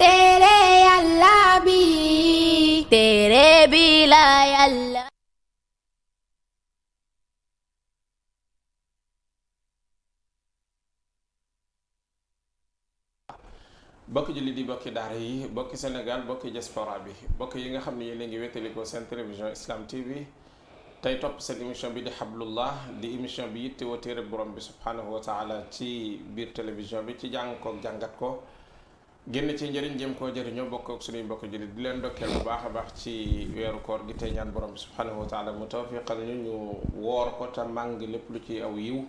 tere yàlla bi tere bi la yàlla bokki julli di bokki daara yi bokki Sénégal bokki diaspora bi bokk yi nga xam ne yéen a ngi wétalikoo seen télévision Islam TV tey topp sen émission bi di Hablullah di émission bi yitte woo téere borom bi subhanahu wa taala ci biir télévision bi ci jàng ko jàngat ko génn ci njëriñ jéem koo jëriñoo bokk ak suñuy mbokk jullit di leen dokkeel bu baax a baax ci weeru koor gi tey ñaan borom bi subhanahu wa taala mu tawfiqal ñu ñu woor ko te màng lépp lu ci aw yiw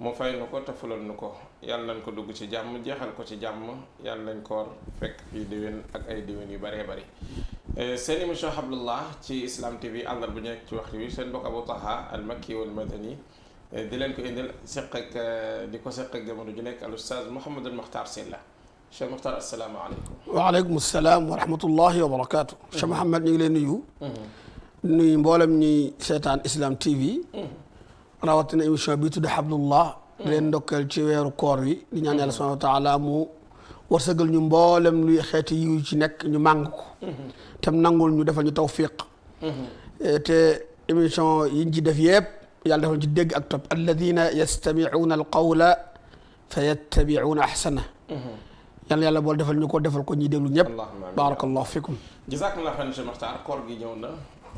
mu fay nu ko te fulal nu ko yàlla nañ ko dugg ci jàmm jeexal ko ci jàmm yàlla nañ koor fekk fii déwén ak ay déwén yu bëree bëri eh, seen émission Hablullah ci Islam TV àllal bu nekk ci wax wi seen mbokk Abou Taha al makki wal madani eh, di leen ko indil seq ak eh, di ko seq jamono ju nekk al oustaz Mouhamadul Makhtar Sylla شيخ مختار السلام عليكم وعليكم السلام ورحمة الله وبركاته شيخ محمد نيجي لي نيو ني مبولم ني سيتان اسلام تي في راوتنا ايميشن بي تود حبل الله لين دوكال تي ويرو كور وي دي نيان الله سبحانه وتعالى مو ورسغل ني مبولم لي خيتي يو سي نيك ني مانكو تام نانغول ني دافال ني توفيق تي ايميشن يي دي ديف ييب يالا دافال دي ديغ ak top الذين يستمعون القول فيتبعون احسنه yàlla yàlla bool defal ñu ko defal ko ñuy déglu ñëpp. baarakallahu fikum. jazakumullahu xayran Cheikh Makhtar koor gi ñëw na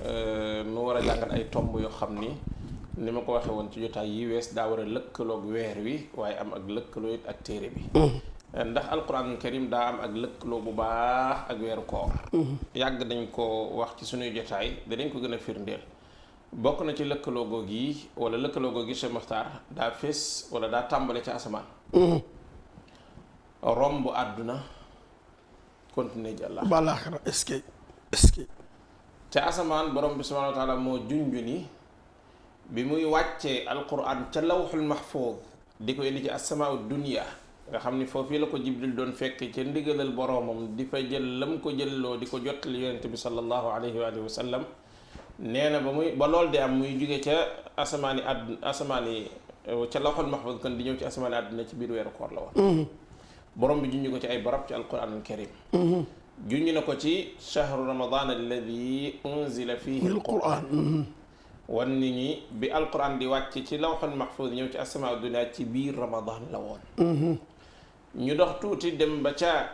euh, nu war a jàngat ay tomb yoo xam ni ni ma ko waxee woon ci jotaay yi wees daa war a lëkkaloog weer wi waaye am ak lëkkaloo ak téere bi. Mm-hmm. ndax alquran karim daa am ak lëkkaloo bu baax ak weeru koor. Mm-hmm. yàgg dañ ko wax ci suñuy jotaay danañ ko gën a firndeel. bokk na ci lëkkaloo googu yi wala lëkkaloo googu yi Cheikh daa fees wala daa tàmbale ci asamaan. Mm-hmm. romb àdduna continuer ji àllaaxira balaaxira est-ce que est que ca asamaan borom bi subhaanahu wa taala moo junj ni bi muy wàccee alquran ca lawxul mahfuuz di ko indi ci asamaa dunia nga xam ni foofii la ko jibril doon fekk ca ndigalal boromam di fa jël lam ko jëlloo di ko jottali yonente bi sallallahu alayhi wa alihi wa sallam nee na ba muy ba lool de am muy jóge ca asamaani àdduna asamaani ca lawxul mahfuuz kon di ñëw ci asamaani àdduna ci biir weeru koor la woon mm-hmm. برم جنجي كتي أي برب في القرآن الكريم جنجي نكتي شهر رمضان الذي أنزل فيه القرآن والنني بالقرآن دي واتي تي لوح المحفوظ نيوتي أسماء الدنيا تي بي رمضان لون نيوتي تي دم بتا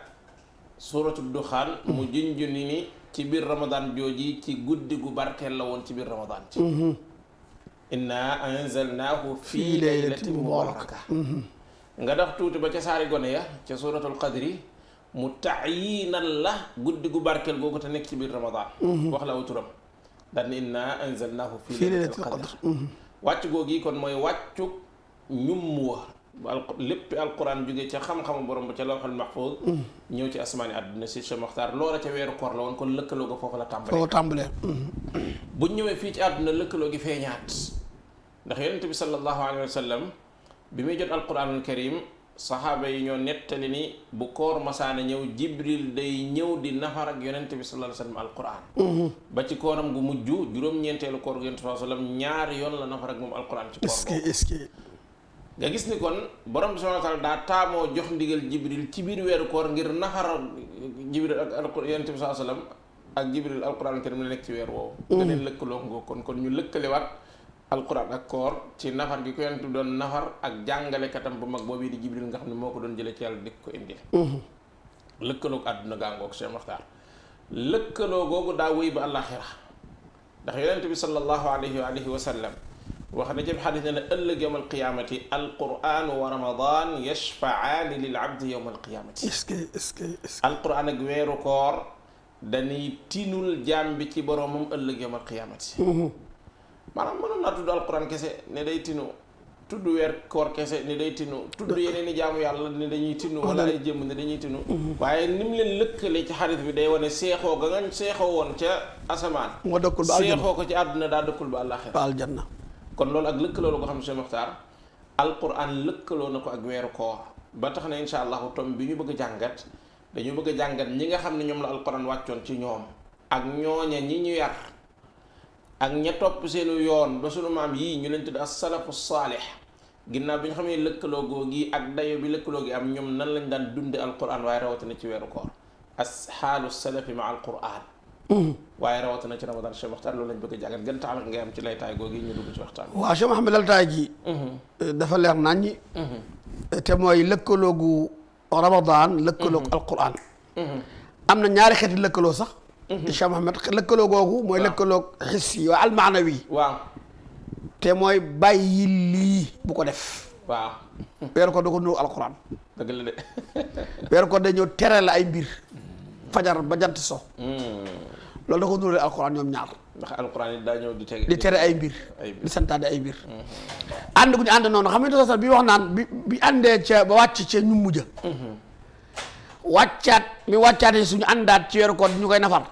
سورة الدخان مجنجي نيني تي بي رمضان جوجي تي قد قد بركة لون تي بي رمضان تي إنا أنزلناه في ليلة مباركة nga dox tuuti ba ca saari gone ya ca suratul qadri mu tayiinal la guddi gu barkel googu ta nek ci bir ramadan wax la wuturam dan inna anzalnahu fi lailatul qadr wàcc gogi kon moy wàccu ñum wa lépp alquran jóge ci xam xam borom ba ca lawxal mahfuz ñëw ci asmani aduna ci Cheikh Makhtar loola ci wéru kor la won kon lekkelo go fofu la tambalé fofu tambalé bu ñewé fi ci aduna lekkelo gi feeñaat ndax yaronte bi sallallahu alayhi wasallam bi muy jot al alquranul karim saxaaba yi ñoo nettali ni bu koor masaana ñëw jibril day ñëw di nafar ak yonente bi sallallahu alayhi wa sallam mm-hmm. ba ci kooram gu mujj juróom-ñeenteelu koor gu yonente sallallahu alayhi ñaari yoon la nafar ak moom alquran ci koor est nga gis ni kon borom bi subhanahu wa daa taamoo jox ndigal jibril ci biir weeru koor ngir nafar jibril ak yonente bi sallallahu alayhi ak jibril alquran karim la nekk ci weer woowu mm-hmm. nga leen lëkkaloo ngoo kon kon ñu lëkkalewaat alquran ak koor ci nafar gi ko yonent bi doon nafar ak jàngalekatam bu mag boobu di jibril nga xam ne moo ko doon jëlee ci yàlla di ko indi mhm. lëkkaloog àdduna gàngoog Cheikh Maxtaar lëkkaloo googu daa wéy ba àllaaxira ndax yonent bi sallallahu alayhi wa alihi wa sallam wax na ci xadis ne ne ëllëg yowm lil abdi yowm alqiyaamati est-ce ak weeru koor dañuy tinul jaam bi ci boroomam ëllëg yowm alqiyaamati mhm. maanaam mënoon naa tudd alquran kese ne day tinu tudd weer koor kese ne day tinu tudd yeneen i jaamu yàlla ne dañuy tinu wala ay jëmm ne dañuy tinu mhm. waaye ni mu leen lëkkale ci xarit bi day wane seexoo ga nga seexoo woon ca asamaan moo dëkkul ba aljanna seexoo ko ci àdduna daa dëkkul ba àllaaxira ba aljanna kon loolu ak lëkkaloo la ko xam Cheikh Mokhtar alquran lëkkaloo na ko ak weeru koor ba tax na insha allahu tom bi ñu bëgg a jàngat dañu bëgg a jàngat ñi nga xam ne ñoom la alquran wàccoon ci ñoom ak ñooña ñi ñu yar ak ña topp seenu yoon ba sunu maam yii ñu leen tudd as-salafu saalih ginnaaw bi ñu xamee lëkkaloo googi ak dayo bi lëkkaloo gi am ñoom nan lañ daan dunde alquran waaye rawatina ci weeru koor as xaalu salafi ma alquran waaye ci ramadan Cheikh waxtaan lañ bëgg a jàngat gën taal ngay am ci laytaay googi ñu dugg ci waxtaan waaw Cheikh Mouhamed laytaay gi mhm. dafa leer naññi mhm. te mooy lëkkaloogu ramadan mhm. lëkkaloogu alquran am na ñaari xeeti lëkkaloo sax Mhm. Cheikh Mouhamed lëkkaloo googu mooy lëkkaloog xis yi waa almaanawi waaw te mooy bàyyi lii bu ko def waaw weer ko da ko nuru alquran dëgg la de weer ko dañoo tere la ay mbir fajar ba jant so hmm. loolu da ko nuru alquran ñoom ñaar di teg di tere ay mbir di santaane ay mbir hmm. ànd gu ñu ànd noonu xam nga sax bi wax naan bi bi àndee ca ba wàcc ca ñu mujj wàccaat mi wàccaatee suñu andat ci weeru ko ñu koy nafar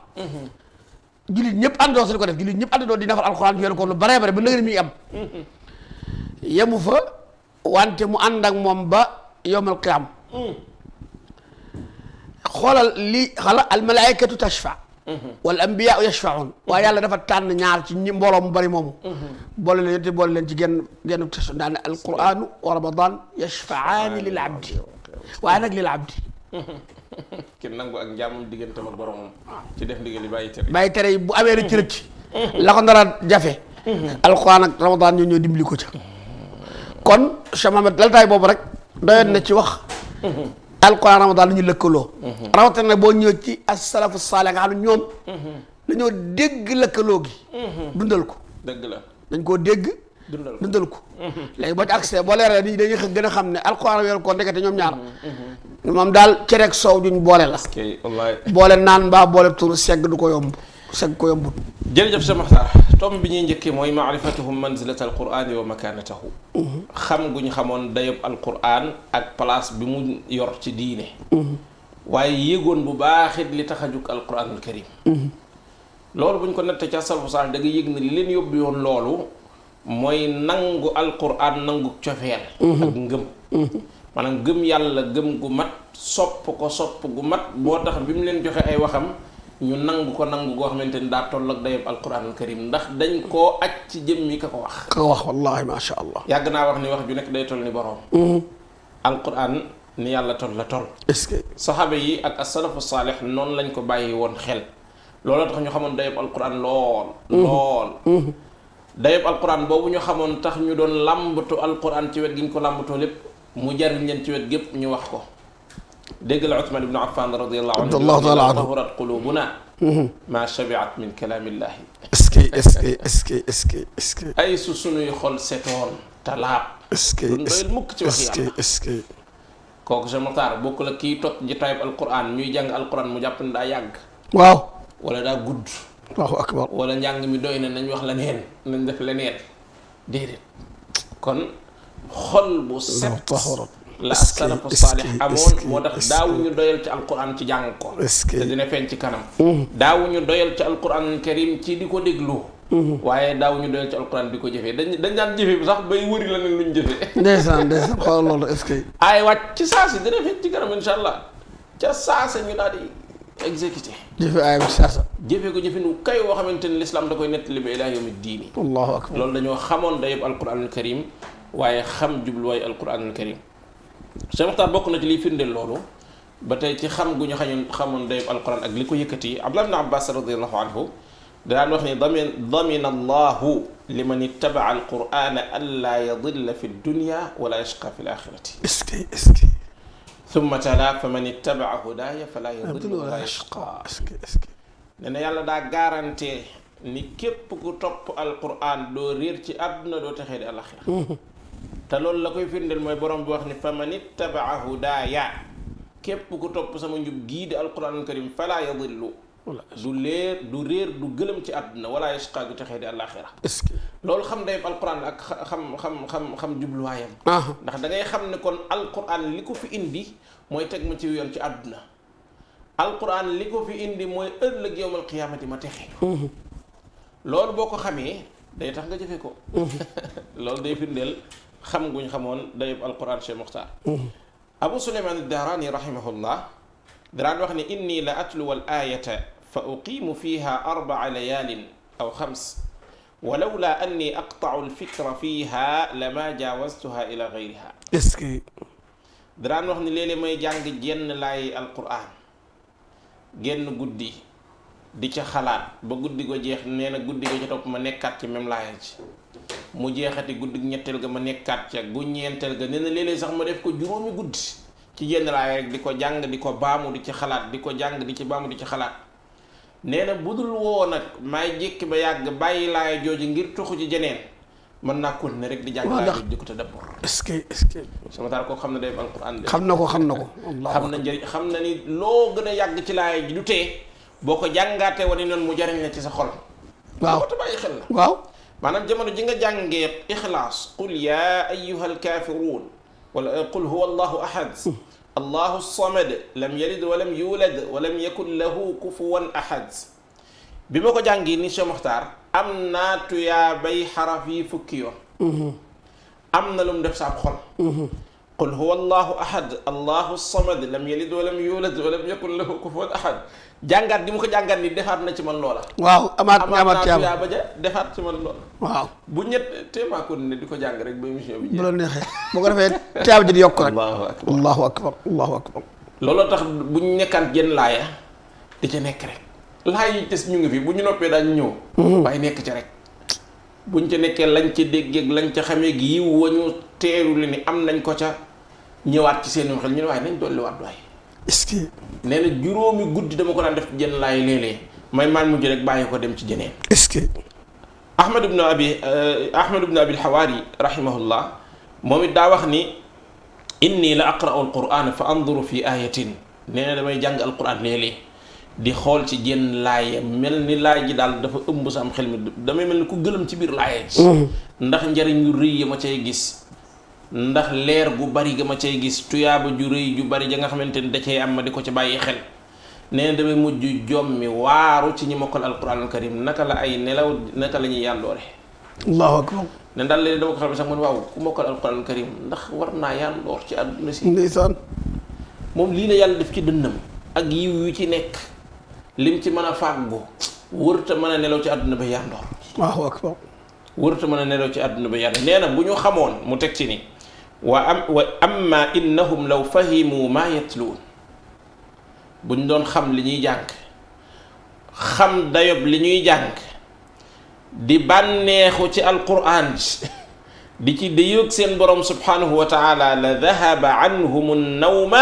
jullit ñëpp àndoo suñu ko def jullit ñëpp àndoo di nafar alxuraan ci weeru koor lu bare bare ba nëgëri mi am yemu fa wante mu ànd ak moom ba yowmal qiyaam xoolal lii xala al malaikatu tashfa wal anbiyaau yashfaun waaye yàlla dafa tànn ñaar ci ñi mbooloo mu bari moomu boole leen te boole leen ci genn genn tashfa daane alquranu wa ramadan yashfaani lil abdi waaye nag lil abdi ki nangu ak njaamam diggante ak boromam ci def ndigal yi bàyyi tere bàyyi tere yi bu amee rëcc rëcc la ko nar a jafe alxuraan ak ramadaan ñoo ñoo dimbali ko ca kon Cheikh Mohamed laltaay boobu rek doyoon na ci wax alxuraan ramadaan la ñu lëkkaloo rawatina nag boo ñëwee ci asalafu saale nga xam ñoom mhm. dañoo dégg lëkkaloo gi mhm. dundal ko dëgg la dañ koo dégg dundal ko léegi boo ci accès boo leeral nii dañuy gën a xam ne alxuraan weeru koor ndekete ñoom ñaar moom daal cereeg soow duñ boole la boole naan mbaa boole tur segg du ko yomb segg ko yombut jërëjëf Cheikh Makhtar tom bi ñuy njëkkee mooy maarifatuhum manzilata alqurani wa makanatahu xam gu ñu xamoon dayob alquran ak place bi mu yor ci diine waaye yéegoon bu baaxit li tax a jug alquranul karim mhm. loolu bu ñu ko nattee ci asalfu sax da nga yëg na li leen yóbbu yoon loolu mooy nangu alquran nangu cofeel mhm. ak ngëm mhm. maanaam gëm yàlla gëm gu mat sopp ko sopp gu mat boo tax bi mu leen joxe ay waxam ñu nangu ko nangu goo xamante ni daa toll ak dayob alquran al karim ndax dañ koo aj ci jëmmi ka ko wax ka ko wax wallahi yàgg naa wax ni wax ju nekk day toll ni boroom mhm. alquran ni yàlla toll la toll est-ce que saxaaba yi ak asalafu saalih noonu lañ ko bàyyi woon xel looloo tax ñu xamoon dayob alquran lool lool dayeb alquran boobu ñu xamoon tax ñu doon làmbatu alquran ci wet gi ñu ko làmbatoo lépp mu jariñ leen ci wet gépp ñu wax ko dégg la Ousmane ibnu Affan radiyallahu anhu tahurat qulubuna mhm. ma shabiat min kalaamillahi est-ce que est-ce que est-ce que est-ce que est-ce que ay su sunuy xol setoon talaab est-ce que duñ doyal mukk ci wax yàlla est-ce que kooku Cheikh Makhtar bokk la kii toj ji tayib alquran ñuy jàng alquran mu jàpp ne daa yàgg waaw wala daa gudd allahu akbar wala njàng mi doy na nañ wax leneen nañ def leneen déedéet kon xol bu set la salafu saalix amoon moo tax daawuñu doyal ci alquran ci jàng ko te dina feeñ ci kanam mmh. daawuñu doyal ci alquran karim ci di ko déglu mmh. waaye daawuñu doyal ci alquran di ko jëfee dañ dañ daan jëfe bi sax bay wëri la ne luñ jëfee ndeysaan ndeysaan xool loolu est-ce que ay ci saa si dina feeñ ci kanam allah ca saa si ñu daal di exécuté. jëfe aaya bi saasa. jëfee ko jëfin kay woo xamante ni lislaam da koy nettali ba ilaa yawmi diini. allahu akbar loolu dañoo xamoon dayoo alquranul karim waaye xam jubluwaayu alquranul karim. Cheikh Mokhtar bokk na ci liy firndeel loolu ba tey ci xam gu ñu xañoon xamoon dayoo alquran ak li ko yëkkati Abdullah ibn Abbas radiyallahu anhu daan wax ni damin damina allahu liman ittabaa alqurana an laa yadilla fi dunya wala yashqa fi l axirati. est ce que est ce que summa tala fa man ittabaa hudaaya fala yadillu wala yashqa nee na yàlla daa garantie ni képp ku topp alquran doo réer ci àdduna doo texee di alaxira mm-hmm. te loolu la koy firndeel mooy borom bi wax ni fa man ittabaa hudaaya képp ku topp sama njub gii di alquranul karim fala yadillu du leer du réer du gëlëm ci àdduna wala yasqa gu texee di àllaaxira est-ce que loolu xam day alquran ak xam xam xam xam jubluwaayam ndax da ngay xam ne kon alquran li ko fi indi mooy teg ma ci yoon ci àdduna alquran li ko fi indi mooy ëllëg yowmal qiyaamati ma texe loolu boo ko xamee day tax nga jëfe ko loolu day firndeel xam guñ xamoon dayub alquran Cheikh Muxtaar Abu Suleymaan Daaraani rahimahullah daraan wax ne inni la atluwa al ayata فأقيم فيها أربع ليال أو خمس ولولا أني أقطع الفكر فيها لما جاوزتها إلى غيرها اسكي دران وخني ليلي ماي جانغ جن لاي القرآن جن قدي di ca xalaat ba guddi go jeex nee na guddi go ca topp ma nekkaat ci même laaya ci mu jeexati guddi ñetteel ga ma nekkaat ca gu ñeenteel ga nee na léeg-léeg sax ma def ko juróomi guddi ci jenn laaya rek di ko jàng di ko baamu di ci xalaat di ko jàng di ci baamu di ci xalaat nee na bu dul woo nag maay jékki ba yàgg bàyyi laay jooju ngir toxu ci jeneen mën naa continuer rek di jàng laay di ko tadabbur est-ce que est-ce que sama taal kooku xam na day alquran xam na ko xam na ko xam na njëriñ xam na ni loo gën a yàgg ci laay ji du tee boo ko jàngaatee wane noonu mu jariñ ci sa xol waaw ko bàyyi waaw maanaam jamono ji nga jàngee ixlaas qul yaa ayyuha alkaafiruun wala qul huwa allahu ahad hmm. الله الصمد لم يلد ولم يولد ولم يكن له كفوا أحد بما كو جانغي ني شي مختار امنا تيا بي حرفي فكيو امنا لوم ديف صاب خول qul huwa allahu ahad allahu samad lam yalid walam yulad walam yakun lahu kufuwan ahad jàngaat di mu ko jàngaat ni defaat na ci man loola waaw amaat amaat ci yaa baja defaat ci man loola waaw bu ñett téemaa ko di ko jàng rek ba émission bi bu la neexee boo ko defee tiyaaba ji di yokk rek allahu akbar allahu akbar looloo bu ñu nekkaat genn laaya di ca nekk rek laay yi des ñu ngi fi bu ñu noppee daañu ñëw hmm. waaye nekk ca rek buñ ca nekkee lañ ca déggeeg lañ ca xamee gi yiw wañu teeru li ni am nañ ko ca ñëwaat ci seen xel ñu ne waaye nañ dolliwaat waay. est nee na juróomi guddi dama ko daan def ci jën laay léeg-léeg may maan mujj rek bàyyi ko dem ci jëneen. est-ce que. Ahmad ibn Abi euh, Ahmad ibn Abi al moom it daa wax ni. inni la aqra'u al-Qur'aan fa damay jàng al-Qur'aan léeg di xool ci jën laay mel ni laay ji daal dafa ëmb sam xel mi damay mel ni ku gëlëm ci biir laay ji. Mm-hmm. ndax njariñ yu rëy yi ma cay gis. ndax leer gu bari ga ma cay gis tuyaaba ju rëy ju bari ja nga xamante ni da cay am ma di ko ci bàyyi xel nee na damay mujj jom mi waaru ci ñi mokkal alquran al karim naka la ay nelaw naka la ñuy yàlloore allahu akbar ne ndax léegi dama ko xam ne sax man waaw ku ndax war naa yàlloor ci àdduna si ndeysaan moom lii la yàlla def ci dënnam ak yiw yu ci nekk lim ci mën a fàggu wërta mën a nelaw ci àdduna ba yàndoor allahu akbar mën a nelaw ci àdduna ba yàndoor nee bu ñu xamoon mu teg ci ni واما انهم لو فهموا ما يتلون بون خم خام لي ني جانغ خام دايوب لي دي بانيهو تي القران دي تي ديوك سين بروم سبحانه وتعالى لذهب عنهم النوم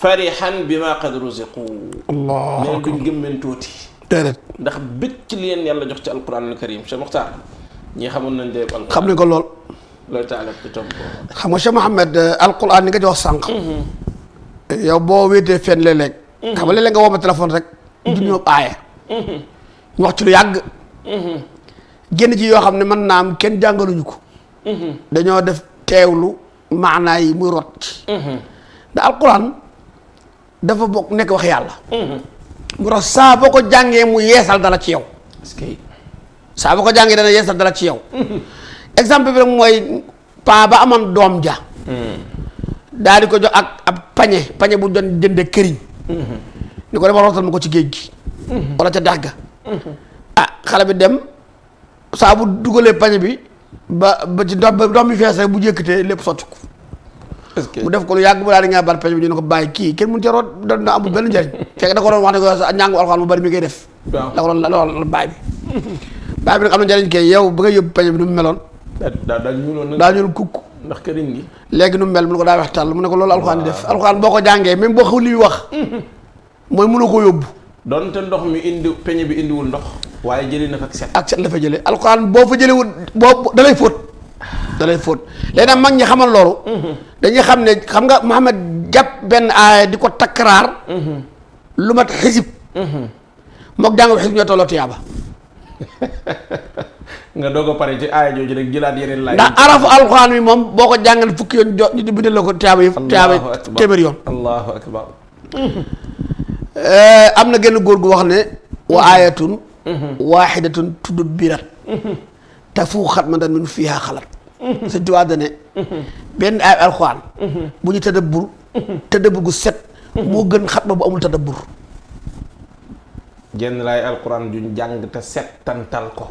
فرحا بما قد رزقوا الله اكبر جمن توتي دارت داخ بيت لين يالا جوخ تي القران الكريم شيخ مختار ني خامون نان دي القران خام لي الله لول looy taal ak tom ko xam nga Cheikh Mouhamed euh, alquran ni nga jox sànq. Mm-hmm. yow boo wéetee fenn léeg-léeg. Mm-hmm. xam nga léeg-léeg nga woo ma rek. du ñu aaye. ñu wax ci lu yàgg. Mm-hmm. génn ci yoo xam ne mën naa am kenn jàngaluñu ko. dañoo def teewlu maanaa yi muy rot. da alquran dafa bokk nekk wax yàlla. mu tax saa boo ko jàngee mu yeesal dala ci yow. est-ce ko jàngee dana yeesal dala ci yow. exemple bi moy pa ba amoon dom ja hmm dal ko jox ak ab pañe pañe bu don jënde këriñ hmm ko dama rotal ma ko ci géej gi hmm. wala ca dagga hmm ah xala bi dem sa bu dugalee pañe bi ba ba ci dom dom ndox mi fees rek bu jëkkatee lepp sotu ko mu def ko lu yag bu daal di ngaa bal pañe bi ñu ko bay ki kenn mu ci rot do na amul benn njëriñ fek da ko don wax ne ko sa mu bari mi koy def da ko don lool bay bi bay bi nga am na ke yow ba nga yob pañe bi nu melone daa daa ñuuloon kukk ndax këriñ gi léegi nu mel mu ne ko daa wax tàll mu ne ko loolu alxuraan def alxuraan boo ko jàngee même boo xawli wax mooy mënoo ko yóbbu te ndox mi indi peñe bi indiwul ndox waaye jëli na ak set ak set la fa jëlee alxuraan boo fa jëlewul boo dalay fóot dalay fóot léegi nag mag ñi xamal loolu mm-hmm. dañuy xam ne xam nga Muhammad jàpp benn aaya di ko takkaraar mm-hmm. lu mat xisib mm-hmm. mook jàng xisib ñoo tolloo tiyaaba nga doog a pare ci aaya jooju rek jëlaat yeneen laaj. ndax arafu alxuraan bi moom boo ko jàngal fukki yoon jot ñu di bindal la ko tiyaaba yi tiyaaba téeméer yoon. allahu akbar eh, am na genn góor gu wax ne. wa mm-hmm. aayatun. waaxidatun tudd da ne. benn aaya alxuraan. Mm-hmm. bu ñu tadabbur. Mm-hmm. tadabbur gu set. moo gën xatma bu amul tadabbur. jenn laay alxuraan juñ jàng te set ko.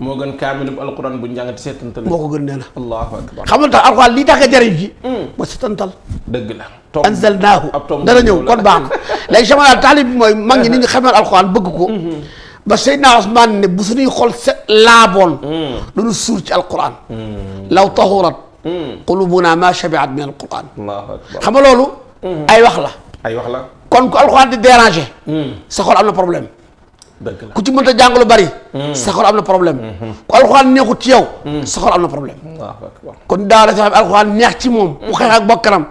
moo gën kaamilub alquran bu njàngati seetantal moo ko gën nee na allahu akbar xamul tax alquran lii tax nga jëriñ ji ba hmm. seetantal dëgg la anzalnaahu dana ñëw kon baax na léegi sama taalib bi mooy mag ñi ni ñu xamal alquran bëgg ko hmm. ba Seydina Usmaan ne bu suñuy xol set laaboon lu hmm. ñu suur ci alquran law tahurat qulubuna ma shabiat min alquran loolu ay wax la ay la kon ku alquran di déranger sa xol am na problème ku ci mënta jàng lu bari. Hmm. sa xol am na problème. Hmm. ku alxuraan neexut ci yow. Hmm. sa xol am na problème. kon daa la fi xam ne alxuraan neex ci moom. mu xeex ak bokkanam.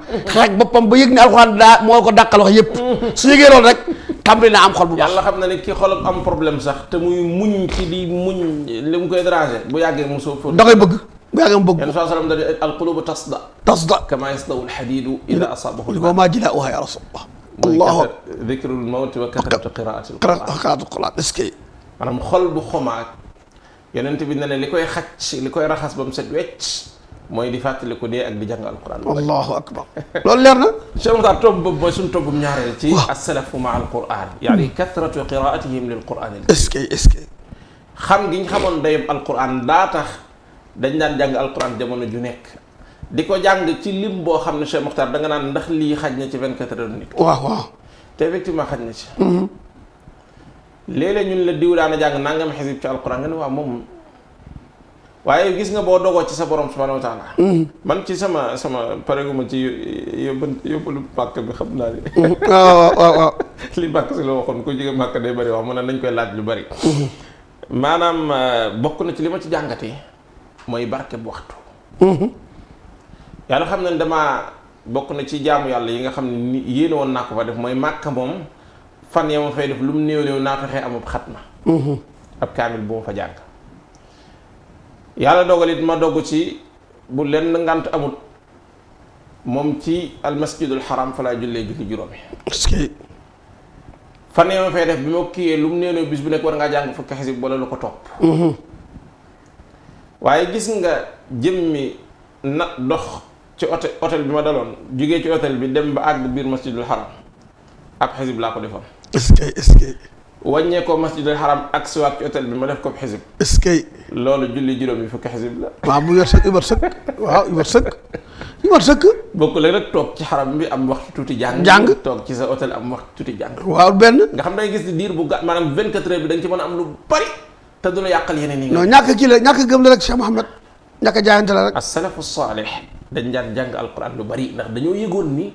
boppam ba yëg ne daa moo ko dàqal wax yëpp. su yëgee loolu rek tàmbali naa am xol bu baax. yàlla xam na ne ki xolam muy muñ ci di mu koy déranger bu mu soo da koy bu yàggee mu bëgg ko yàlla sallam da al qulubu tasda. tasda kama yasdaw al hadidu ila asabahu. a ma maa ji laa allahu dikrul mawti wa kasratu qiraati qiraatu quraan est-ce que maanaam xol bu xomaag yonent bi ne ne li koy xacc li koy raxas ba mu set wecc mooy di fàttali ko dee ak di jàng alquran allahu akbar loolu leer na Cheikh Moukhtar tomb boobu mooy suñu tombum ñaareel ci as-salafu ma alquran yaani kasratu qiraatihim lil quran est-ce que est-ce que xam gi ñu xamoon dayam alquran daa tax dañ daan jàng alquran jamono ju nekk di ko jàng ci lim boo xam ne Cheikh Mokhtar danga naan ndax lii xaj na ci 24 heures nit. waaw waaw. te effectivement xaj na ci. Mm-hmm. léeg-léeg ñun la diw daana jàng nangam xisib ci alquran nga ne waaw moom waaye gis nga boo dogoo ci sa borom subhanahu wa taala mm-hmm. man ci sama sama pareguma ci yóbbu yóbbalu màkk bi xam naa ne mm-hmm. ah, waaw waaw waaw li màkk si la waxoon ku jóge màkk day bëri wax mu ne nañ koy laaj lu bëri maanaam euh, bokk na ci li ma ci jàngate mooy barke bu yàlla xam na ne damaa bokk na ci jaamu yàlla yi nga xam ne yéene woon naa ko fa def mooy màkk moom fan ya ma fay def lu mu néew néew naa fexee amub xatma mhm. ab ma fa jàng ci bu lenn ngant amut moom ci almasjidul xaram fa laa jullee julli juróomi fan ya ma fay def bi ma kiiyee lu mu néew néew bis bu nekk war ngaa jàng fukki xisib wala lu ko topp mhm. waaye gis nga jëmmi na dox ci otel otel bi ma daloon jugee ci otel bi dem ba àgg biir masjidul haram ab xisib laa ko defoon. est-ce que est-ce que. wàññee ko masjidul haram ak siwaat ci otel bi ma def ko xisib. est-ce que. loolu julli juróom yi fukki xisib la. waaw mu yor sëkk ibar sëkk waaw ibar sëkk bokk sëkk. bokkul rek toog ci xaram bi am wax tuuti jàng. jàng toog ci sa otel am waxtu tuuti jàng. waaw benn. nga xam day gis ni diir bu gàtt maanaam 24 heures bi da nga ci mën a am lu bari te du la yàqal yeneen yi. non ñàkk kii la ñàkk gëm la rek Cheikh Mouhamed ñàkk jaayante la rek. as-salafu saalih dañ daan jàng alquran lu bari ndax dañoo yëgoon ni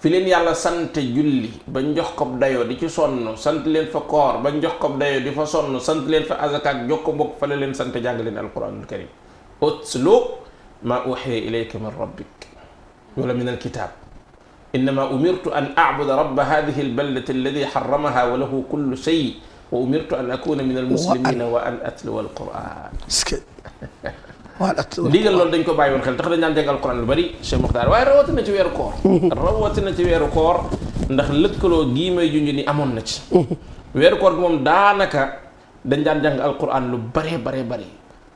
fi leen yàlla sant julli ba jox ko dayo di ci sonn sant leen fa koor ba jox ko dayo di fa sonn sant leen fa azaka ak jox ko mbokk fa la leen sant jàng leen alquranul karim utslu ma uxiya ilayka min rabbik wala min alkitab innama umirtu an abuda rabba hadihi albaldati alladi xaramaha wa lahu kullu shay wa umirtu an akuna min almuslimina wa an ndigal loolu dañ ko bàyyi woon xel tax dañ daan jàng alxuraan lu bari Cheikh Mokhtar waaye mhm. rawatina ci weeru koor ndax lëkkaloo gii may junj ni amoon na ci mhm. weeru koor gi moom daanaka dañ daan jàng alxuraan lu bare bare bari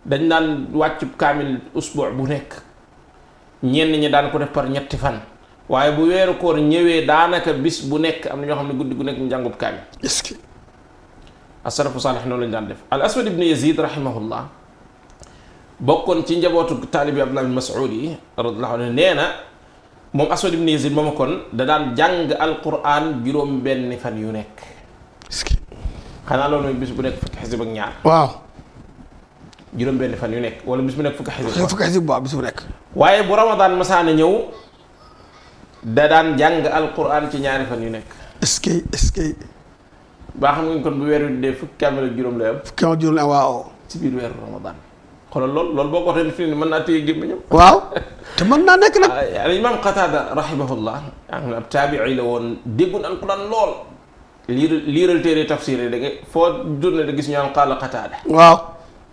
dañ daan wàccu kaamil usbu bu nekk ñeen ñi daan ko def par ñetti fan waaye bu weeru koor ñëwee daanaka bis bu nekk am na ñoo xam ne guddi gu nekk njàngub kaamil asalafu saalih noonu lañ daan def al aswad ibn yazid rahimahullah bokkon ci njabotu talib Abdullah bin mas'udi radhiyallahu anhu neena mom moom Aswad ibn Yazid mom kon da dan jang alquran juróom ben fan yu nek xana lolu bis bu nek fuk hizb ak ñaar waaw juróom ben fan yu nek wala bis bu nek fuk hizb fuk hizb ba bis bu nek waaye bu ramadan masaana ñew da dan jang alquran ci ñaari fan yu nek eske eske ba xam nga kon bu wéru wi fuk fukki kaamel ak juróom la am fukki kaamel la waaw ci bir wéru ramadan xoolal lool loolu boo ko waxee fii nii mën naa téye gémmiñam waaw te mën naa nekk nag. al imaam Qataada rahimahullah ab taabi'i la woon déggoon alquran lool. lii liiral téere tafsir yi da foo journée da gis ñu am qaala Qataada. waaw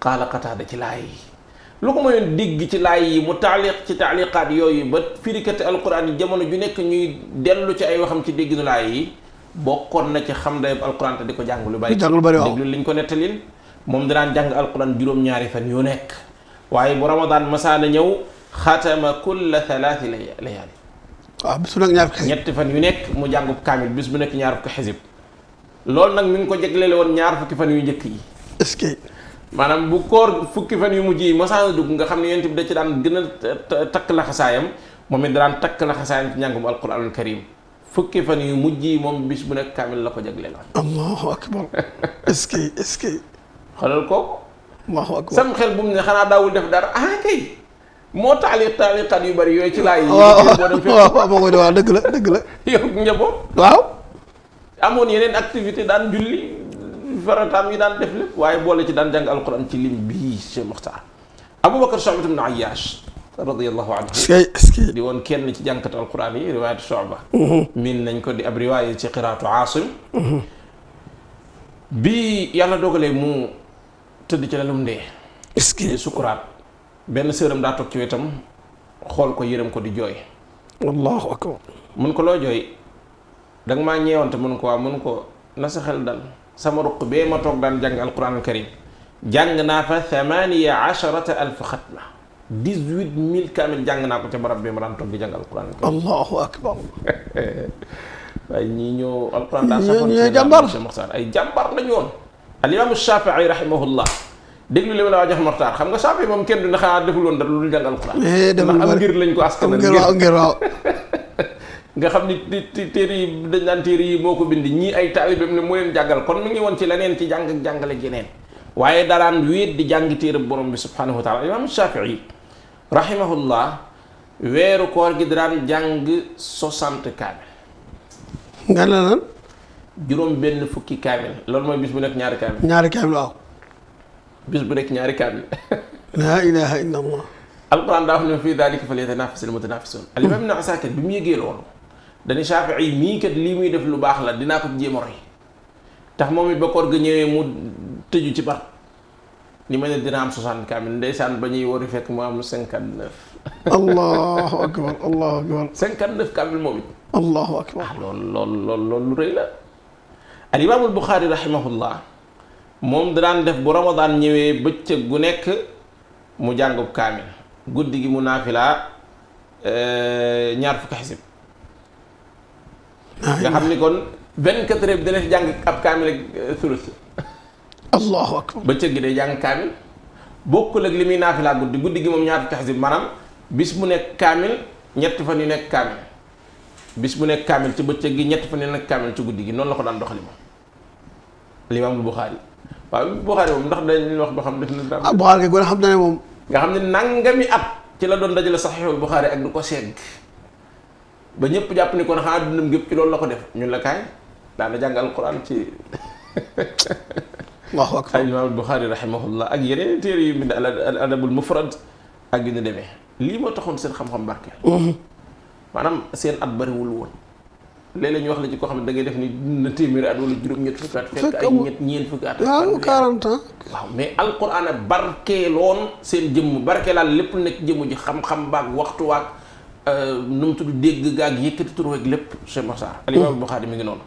qaala Qataada ci laay yi. lu ko mayoon ci laay yi mu taaliq ci taaliqaat yooyu ba firikati alquran yi jamono ju nekk ñuy dellu ci ay waxam ci dégginu laay yi bokkoon na ci xam dayoo alquran te di ko jàng lu bari. jàng lu bari waaw déglu ko nettalil. moom danaan jàng alquran juróom-ñaari fan yu nekk waaye bu ramadaan masaana ñëw xatama kulla thalaati layaali waaw bis bu nekk ñaar fukki ñetti fan yu nekk mu jàngub kaamil bis bu nekk ñaar fukki xisib loolu nag mi ngi ko jegleele woon ñaar fukki fan yu njëkk yi est que maanaam bu koor fukki fan yu mujj yi masaana dugg nga xam ne yonent da ci daan gën a takk laxasaayam moom it daan takk laxasaayam ci njàngum alquranul karim fukki fan yu mujj yi moom bis bu nekk kaamil la ko jagleeloon allahu akbar est-ce xoolal kooku. waaw sam xel bu mu ne xanaa daawul def dara ah kay. moo taaliq taaliqaat yu bari yooyu ci laay. waaw waaw waaw moo koy waaw dëgg la dëgg la. yow njaboot. yeneen activité daan julli farataam yi daan def lépp waaye boole ci daan jàng alquran ci lim bii Cheikh Muxtaar. Aboubacar Shu'ba ibn Ayyash radiyallahu anhu di woon kenn ci jànkat mm-hmm. ci qiraatu Aasim. Mm-hmm. bi yàlla dogalee mu. tëdd ci lalum ndee est benn sëram daa toog ci wetam xool ko yërëm ko di jooy allahu akbar mun ko loo jooy danga maa ñeewante mun ko waa mun ko na sa xel dal sama ruq bee ma toog daan jàng alquran al karim jàng naa fa thamaniya asharata alf xatma dix-huit jàng naa ko ca barab bi ma daan toog di jàng alquran al karim allahu akbar waaye ñii ñëw alquran ay jàmbar lañu woon al imaamu Shaafi'i rahimahullah déglu li ma la waa jox Moxtaar xam nga Shaafi'i moom kenn du ne xanaa deful woon dara lu dul jàngal Alxuraan. Eh, ndax am lañ ko askan ngir waaw nga xam ni téere yi dañ naan yi moo ko bind ñii ay taalibeem ne moo leen jàngal kon mu ngi woon ci leneen ci jàng jàngale geneen waaye daraan wéet di jàng téere borom bi subhaanahu wa taala imaamu Shaafi'i rahimahullah weeru koor gi daraan jàng 60 kaamil. nga ne lan. juróom benn fukki kaamil loolu mooy bis bu nekk ñaari kaamil. la kaamil waaw. bis bu nekk ñaari kaamil. laa ilaaha illallah. alquran daa wax ne fii daalika falyatanaafasil mutanaafisuun. al imaam bi mu yëgee loolu. dañu Shaafi'i mii kat lii muy def lu baax la dinaa ko jéem a tax moom it ba koor ga ñëwee mu tëju ci bar ni ma ne dina am 60 kaamil ndeysaan ba ñuy war a fekk mu am 59. allahu akbar allahu akbar. 59 kaamil moom it. allahu akbar ah, loolu loolu loolu al imaamul buxaari rahimahullah moom daan def bu ramadaan ñëwee bëccëg gu nekk mu jàngub kaamil guddi gi mu naafilaa eh, ñaar fukki xisib nga xam ni kon vingt-quatre heures dana fi jàng ab kaamil ak sulus eh, allahu akbar bëccëg gi day jàng kaamil bokkul ak li muy naafilaa guddi guddi gi moom ñaar fukki xisib maanaam bis mu nekk kaamil ñetti fan yu nekk kaamil bis bu nekk kaamil ci bëccëg gi ñett fa ne nag kaamil ci guddi gi noonu la ko daan doxali moom limaamul Buxaari waaw Buxaari moom ndax dañ wax ba xam def na ah Buxaari kay gone xam na ne nga xam ne nangami at ci la doon dajale saxiixul Buxaari ak du ko segg ba ñëpp jàpp ni kon xanaa dundam gépp loolu la ko def ñun la kaay daana jàngal Quraan ci waaw ak imaamul Buxaari rahimahullah ak yeneen téere yu bind al adabul mufrad ak yu ñu deme lii moo taxoon seen xam-xam barke mm-hmm. maanaam seen at bariwul woon léeg-léeg ñu wax la ci koo xam ne da ngay def ni na téeméeri at wala juróom-ñett fukki at fekk ay ñett ñeent fukki at waaw 40 ans mais alquran a barkeeloon seen jëmm barkeelaal lépp nekk jëmm ji xam-xam baag waxtu waag euh, nu mu tudd dégg gaag yëkkati tur weeg lépp Cheikh Massar al imam mu ngi noonu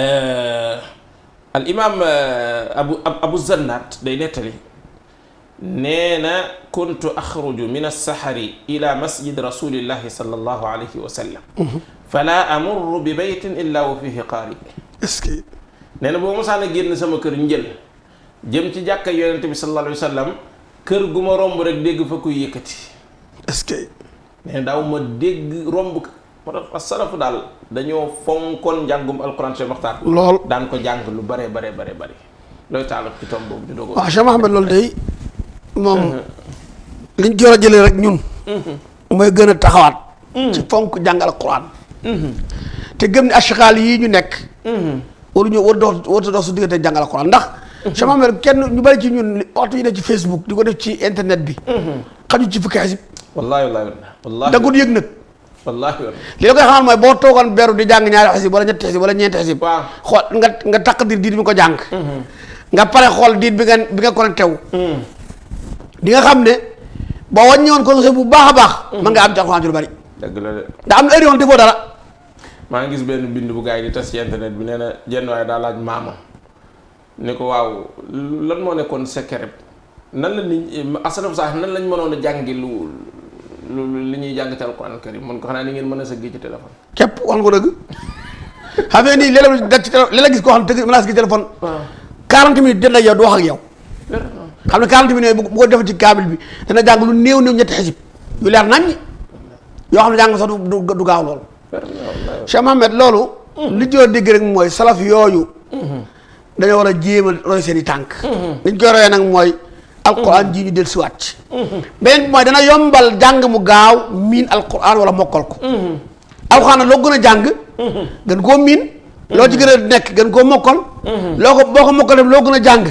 euh, al imam euh, abu abu zannaat day nettali نينا كنت أخرج من السحر إلى مسجد رسول الله صلى الله عليه وسلم فلا أمر ببيت إلا وفيه قارب اسكي نينا بو موسى نجيل نسمى كر نجيل جمتي جاكا يونتي صلى الله عليه وسلم كر غوم رومب رك ديغ فكو ييكتي اسكي نينا داو ما ديغ رومب السلف دال دانيو فونكون جانغوم القران شي مختار لول دان كو جانغ لو بري بري بري بري لو تعلق في تومبو دوغو اه شي محمد لول دي moom liñ ci war a jëlee rek ñun. mooy gën a taxawaat. ci fonk jàngal Alxuraan. te gëm ni ashxaal yii ñu nekk. waruñu war dox war dox su diggante jàngal Alxuraan ndax. sama mère kenn ñu bari ci ñun waxtu ñu ne ci Facebook di ko def ci internet bi. xaju ci fukki xisib. wallaahi wallaahi wallaahi da ko yëg nag. li la koy xamal mooy boo toogoon beeru di jàng ñaari xisib wala ñetti xisib wala ñeenti xisib. waaw nga nga takk diir diir bi ko jàng. nga pare xool diir bi nga bi nga di nga xamne bo boo wàññi woon conseil bu baax baax mën nga am ci alxuraan ju bari dëgg la de am erreur defo dara ma nga gis ben bind bu gaay di tass ci internet bi neena jenn way da laaj mama ne ko waaw lan moo nekkoon secret nan la nit asanaf sah nan lañ mënoon a jàngi lu li ñuy jang ci alxuraan karim mon ko xana ni ngeen mëna sa sëgg ci téléphone kep wal ko deug xam ni lela gis ko xam deug mën naa sëgg téléphone 40 minutes dina yow do wax ak yow xam ne 40 minutes bu ko defee ci kaamil bi dana jàng lu néew néew ñetti xisib yu leer naññ yoo xam ne jàng sax du du gaaw loolu. Cheikh Mohamed loolu. li ci dégg rek mooy salaf yooyu. dañoo war a jéem a roy seen i tànk. liñ koy royee nag mooy. alquran ji ñu del siwaat ci beneen bi mooy dana yombal jàng mu gaaw miin alquran wala mokkal ko alquran na loo gën a jàng gën koo miin loo ci gën a nekk gën koo mokkal loo ko boo ko mokkal def loo gën a jàng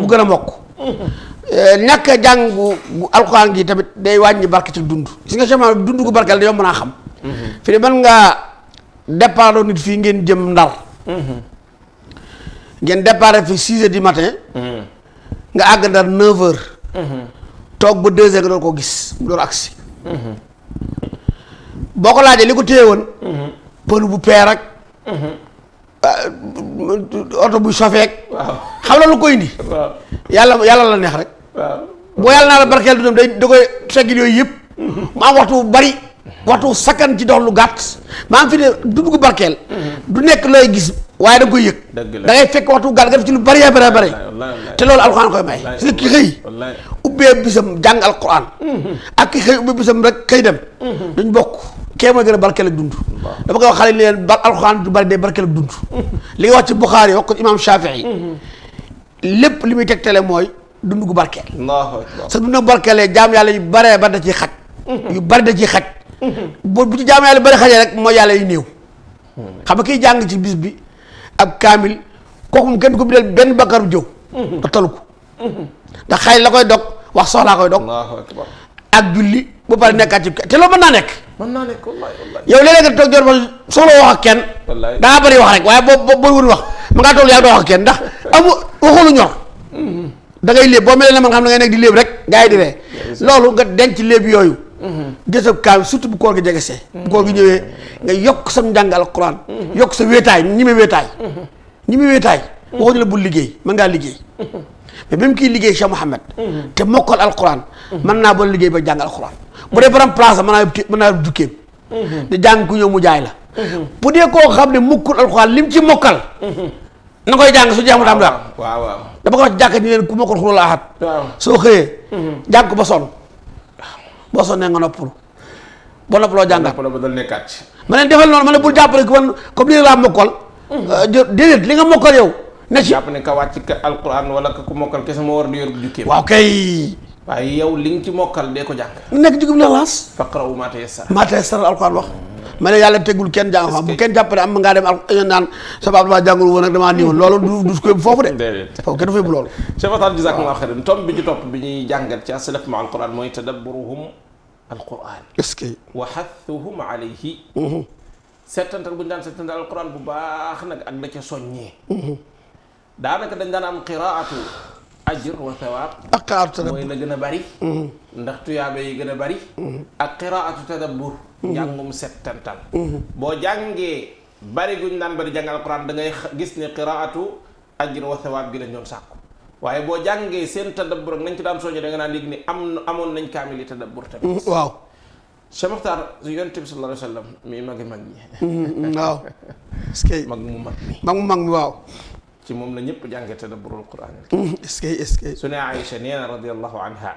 mu gën a mokk Eh, ñàkk jang bu alquran gi tamit day wañi barkatu ci dund gis nga cheikh dundu gu barkal dayo mën xam mhm. fi man nga départoo nit fi ngeen jëm ndar mhm. ngeen départ fi 6 h du matin mhm. nga ag ndar 9 heures tok bu 2 h nga door ko gis mu do aksi boo ko laajee li ko téye woon bu peer ak Eh, oto buy sofeek xam na lu koy indi yàlla yàlla la neex rek boo yàlla naa la barkeel du dem day mm-hmm. waxtu bari waxtu sakkan ci dox lu gàtt fi ne dund gu barkeel mm-hmm. du nekk looy gis waaye da koy da ngay waxtu ci lu bari bari bari te loolu alxuraan koy may si ki xëy ubbee bisam jàng alxuraan mm-hmm. ak ki xëy bisam rek dem duñ kee mooy gën a barkeel ak dund dama koy wax xale ni leen ba alxuraan du bari day barkeel ak dund li nga wax ci Buxaari wax ko imaam Shafii mm-hmm. lépp li muy tegtale mooy dund gu barkeel sa dund nag barkeelee jaam yàlla yu baree bari da ciy xaj mm-hmm. yu bari da ciy xaj mm-hmm. bu bu ci jaam yàlla yu bari xajee rek mooy yàlla yu néew xam nga kiy jàng ci bis bi ab kaamil kooku mu kenn ko bindal benn bakkaru jëw da talu ko ndax xay la koy dog wax soxlaa koy dog ak julli ba pare nekkaat ci te loolu mën naa nekk. mën naa nekk wallaay wallaay. yow léeg-léeg nga toog jor ma soxla wax ak kenn. wallaay daa bëri wax rek waaye boo boo boo wul wax ma ngaa toog yaa doo wax ak kenn ndax amu waxulu ñor. Mm-hmm. da ngay léeb boo mel ne man xam ne da ngay nekk di léeb rek gars yi di ree loolu nga denc léeb yooyu. Mm-hmm. gësab kaa surtout bu koor gi jege see. bu koor gi ñëwee mm-hmm. nga yokk sa njàng alquran. yokk sa wéetaay ñi ma wéetaay. ñi ma wéetaay. waxuñu la bul liggéey mën ngaa liggéey. mais liga mu Muhammad, Cheikh Quran, te mokkal alquran. man na Quran. liggéey ba plaza alquran. bu dee borom place man na man na naa di jang ku ñoomu jaay la. bu dee koo xam ne alquran lim ci mokal na koy jàng su jamu tam daam waaw da bako jakk ni len ku mokkal xulul ahad. so soo jang ba son ba son nga ba ci. defal non bu comme li mm-hmm. euh, li nga yow. ne ci jàpp ne ka wàcc ka alquran wala li nga ci mokkal dee ko jàng. nekk jugum la laas. faqra'u maa tayassara. maa tayassara alquran wax. ma ne yàlla tegul kenn jàng xam bu kenn jàpp ne am ngaa dem al eh, naan sabab ba jàngul woon nag damaa niwoon loolu du du ko foofu de. foofu kenn du fa loolu. Cheikh bi ñuy jàngat ci as-salaf ma alquran mooy tadabburuhum alquran. est-ce que. wa hathuhum alayhi. Uhuh. bu ñu daan seetantal alquran bu baax nag ak da ca soññee. Uhuh. ka dañ daan am qiraatu ajr wa thawab ak qiraatu mooy la gëna bari mm-hmm. ndax tuyaabe yi gëna bari mm-hmm. ak qiraatu tadabbur mm-hmm. njàngum settantal bo jangé bari guñ nan bari jàng alquran da ngay gis ni qiraatu ajr wa thawab gi lañ doon sakku waye bo jangé seen tadabbur nañ ci daam soñu da nga nan ni am amon nañ kamili tadabbur tamit waaw Cheikh Mokhtar yonent sallallahu alayhi Wasallam mi magi mag ñi waaw mag mu mag mi mag mu mag mi waaw ci moom la ñëpp jàngate dabburul quran mm-hmm. est-ce que est-ce que su ne Aïcha nee na radiyallahu anha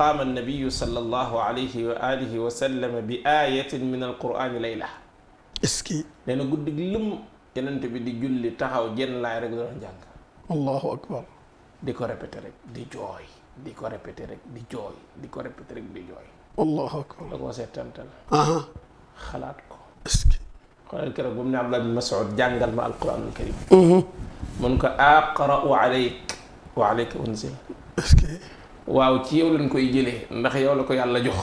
qaama annabiyu sallallahu alayhi wa alihi wa bi ayatin min alqurani layla est-ce que nee na guddig bi di julli taxaw jenn laay rek doon jàng allahu akbar di ko répété rek di jooy di ko répété rek di jooy di ko répété rek di jooy allahu akbar xoolal keroog ba mu ne Abdullah bin Mas'ud jàngal ma alquranul karim mm-hmm. mun ko aqra'u alayk wa alayka unzila waaw ci yow lañ koy jëlee ndax yow la ko yàlla jox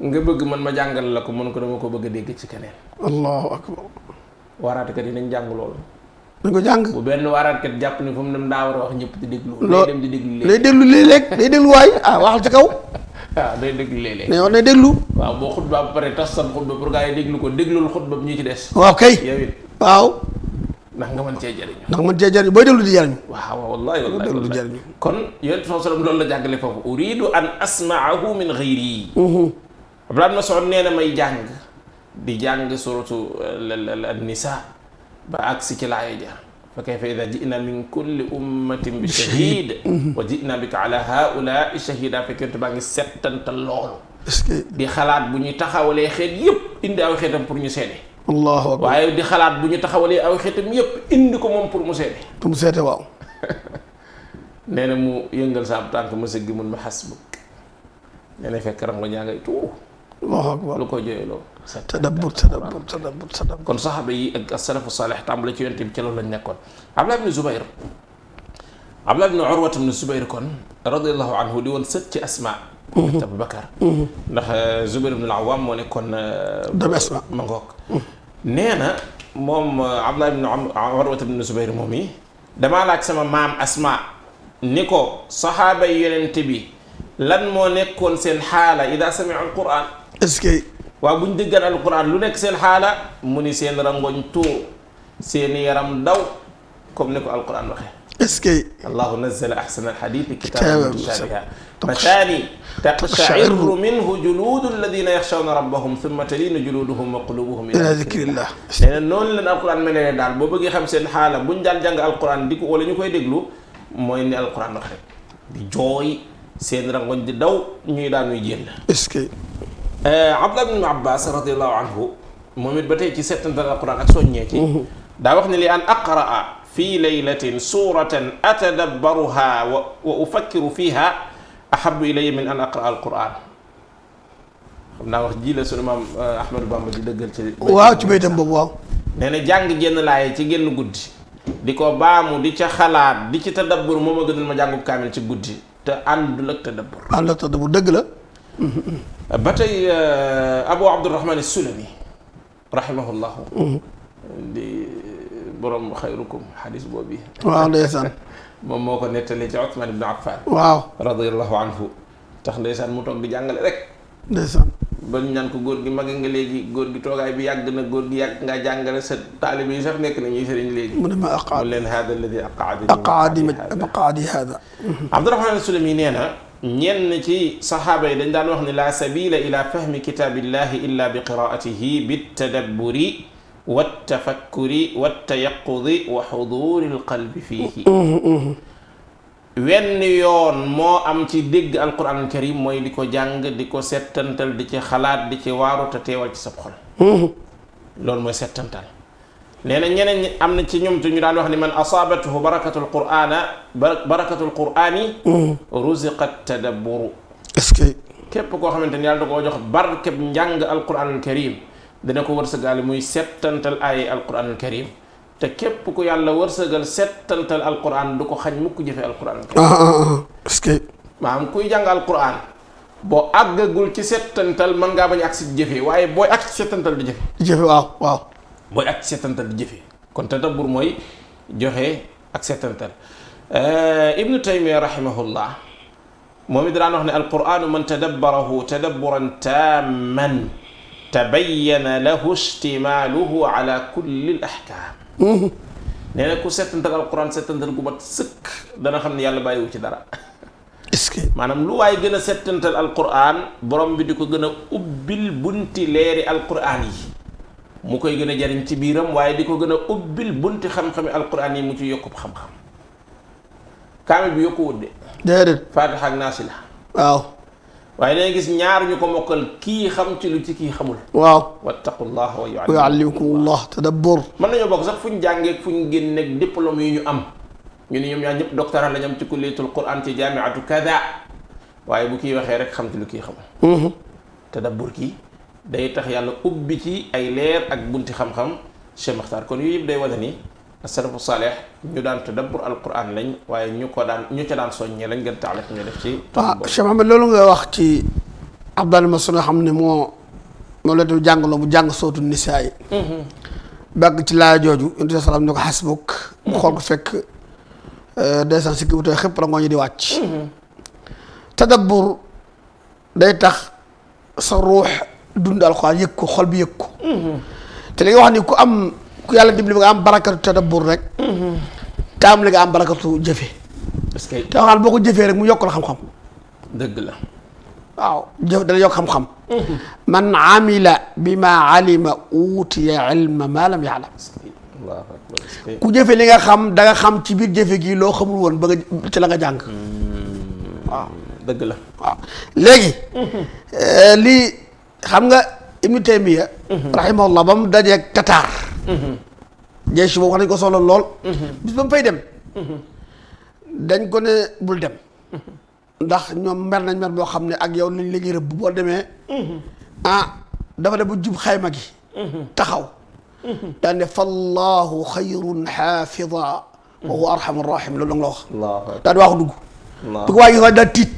nga bëgg man ma jàngal la ko mun ko dama ko bëgg a dégg ci keneen allahu akbar waaraatekat yi nañ jàng loolu dañ ko jàng bu benn waaraatkat jàpp ni fu mu dem daa war wax ñëpp di déglu lay dem di déglu léegi lay déglu léegi rek day déglu waay ah waxal ci kaw waaw ah, day déglu léeg-léeg. dañoo day déglu. waaw boo xutba ba pare tas sam xutba pour gars yi déglu ko lu xutba bi ñu ci des. waaw kay yow it waaw. ndax nga mën cee jëriñu. ndax mën cee jëriñu booy déglu di jëriñu. waaw wallahi wallahi déglu di jëriñu. kon yonent sallallahu alayhi wasallam loolu la jàngale foofu. uridu an asma'ahu min ghayri. Mhm. Abdullah ibn Mas'ud nee na may jàng di jàng suratu eh, an-Nisa ba agsi ci laaya ja fa kayfa ida jina min kulli ummatin bi shahid wa jina bika ala haulai shahida fekkente baa ngi settanta loolu di xalaat bu ñu taxawalee xeet yëpp indi aw xeetam pour ñu seede allahu di xalaat bu ñu taxawalee aw xeetam yëpp indi ko moom pour mu seede pour mu seede waaw nee na mu yëngal sa ab tànk ma sëggi mun ma xas bëgg nee fekk rango ñaa ngay tuur الله أكبر لو كجيلو تدبر تدبر تدبر تدبر كن صحابي السلف الصالح تعمل كي ينتبه كلا لن يكون عبد بن زبير عبد بن عروة بن زبير كن رضي الله عنه دون ست أسماء أبو بكر نح زبير بن العوام ونكون دب أسماء مغوك نينا موم عبد بن عروة بن زبير مومي دما لك سما مام أسماء نيكو صحابي ينتبي لن مو نكون سن حالة إذا سمعوا القرآن est-ce que waaw bu ñu déggan alquran lu nekk seen xaala mu ni seen rangoñ tuur seen yaram daw comme ni ko alquran waxee est-ce que allahu nazzala ahsana alhadithi kitaban mutashabiha mathani taqshairu minhu juludu alladina yaxshawna rabbahum thumma talinu juluduhum wa qulubuhum ila dhikrillah nee na noonu leen alquran mel ne daal boo bëggee xam seen xaala bu ñu daan jàng alquran di ko wala ñu koy déglu mooy ni alquran wax rek di jooy seen rangoñ di daw ñuy daanuy jénn est-ce que Eh, Abdullah bin Abbas radiallahu anhu moom it ba tey ci settantal alquran ak soññee ci mhm. daa wax ne li an aqraa fi laylatin suratan atadabbaruha wa wa ufakkiru fiha ahabu ilaya min an aqraa alquran xam naa wax jii la sunu maam eh, Ahmadou Bamba di dëggal ci waaw ci baytam boobu waaw nee na jàng génn laaye ci génn guddi di ko baamu di ca xalaat di ci tadabbur moom a gën gënal ma jàngub kaamil ci guddi te àndul ak tadabbur àndul dëgg la باتاي آه، ابو عبد الرحمن السلمي رحمه الله دي برم خيركم حديث بوبي واه ديسان موم مكو نيتالي تي عثمان بن عفان واو رضي الله عنه تخ ديسان موتوم بي جانغال ريك ديسان با نان كو غور غي ماغي ليغي غور غي توغاي بي ياغنا غور غي ياغ غا جانغال سا طالب يي صاف نيك ني ني سيرين ليغي من ما اقعد هذا الذي اقعد اقعد هذا عبد الرحمن السلمي نينا ñenn ci saxaaba dañ daan wax ne laa sabila ila fahmi kitaabillahi illa bi qiraatihi bittadabburi wattafakkuri wattayaqudi wa xuduri alqalbi fiihi mm-hmm, mm-hmm. wenn yoon moo am ci dégg alquran al mooy di ko jàng di ko settantal di ci xalaat di ci waaru te teewal ci sab xol mm-hmm. mooy settantal nee na ñeneen ñi am na ci ñoom ñu daan wax ni man asaabatuhu barakatul qur'aana barakatul qur'aani mm. ruziqat tadabburu est-ce que képp koo xamante ni yàlla da koo jox barkeb njàng alquranul karim dana ko wërsëgaale muy settantal ay alquranul karim te képp ku yàlla wërsëgal al alquran du ko xañ mukk jëfe alquranul ko ah, ah, ah, est-ce que maanaam kuy jàng alquran boo àggagul ci settantal mën ngaa bañ agsi jëfe waaye booy agsi settantal di jëfe jëfe waaw waaw mooy ak seetantal di jëfee kon tadabbur mooy joxe ak seetantal ibnu taymiya rahimahullah moom it daan wax ne alquranu man tadabbarahu tadabburan tamman tabayyana lahu istimaluhu ala kulli al ahkam nee na ku seetantal alquran seetantal gu mat sëkk dana xam ne yàlla bàyyiwu ci dara est-ce que maanaam lu waay gën a settantal alquran borom bi di ko gën a ubbil bunti leeri alquran yi mu koy gën a jariñ ci biiram waaye di ko gën a ubbil bunti xam-xami xam alquran yi mu ci yokkub xam-xam kaamil bi yokku wut de déedéet faatiha ak naasi la waaw waaye dangay gis ñaar ñu ko mokkal kii xam ci lu ci kii xamul waaw wattaqullah wa yuallimukumullah tadabbur mën nañoo bokk sax fu ñu jàngeek fu ñu génneek diplôme yu am ñu ne ñoom ñaar ñëpp doctorat lañ am ci kulliyatul quran ci kada waaye bu kii waxee rek xam ci lu kii xamul mhm. tadabbur kii day tax yalla ubbi ci ay leer ak bunti xam-xam Cheikh Makhtar kon yooyu yëpp day wadani ni asalafu saaleex ñu daan tadabbur alquran lañ waye ñu ko daan ñu ci daan soññee lañ gën tax ñu def ci. wa Cheikh Mohamed lolu nga wax ci Abdal Masud xamne mo mo moo moo la def jàngaloo bu jang sotu nisaay hmm bag ci la joju yonent bi salaam ne ko xasbuk. mu mhm. xol ko fekk deux cent cinq wutee xëpp la ngoo di wacc hmm tadabbur day tax sa ruh dund alxuraan yëg ko xol bi yëg ko te li wax ni ku am ku yàlla dimbali nga am barakatu tadabbur rek te am li nga am barakatu jëfe te que taxal boko jeffe rek mu yok la xam-xam deug la waaw jeff da la yok xam-xam man amila bima alima utiya ilma ma lam ya'lam ku jeffe li nga xam da nga xam ci bir jeffe gi lo xamul won ba nga ci la nga jàng waaw deug la waaw euh li xam nga Ibnu Taymiya mhm. rahimahullah ba mu dajeeg Qatar mhm. jeex boobu wax nañ ko solo lool mhm. bis ba mu fay dem dañ ko ne bul dem ndax ñoom mer nañ mer boo xam ne ak yow lañ la ñuy rëbb boo demee ah, dafa ne bu jub xayma gi taxaw daan ne fallahu xayrun xaafida wa huwa rahim loolu la wax daal waaxu dugg bu ko waa gis waa daal tiit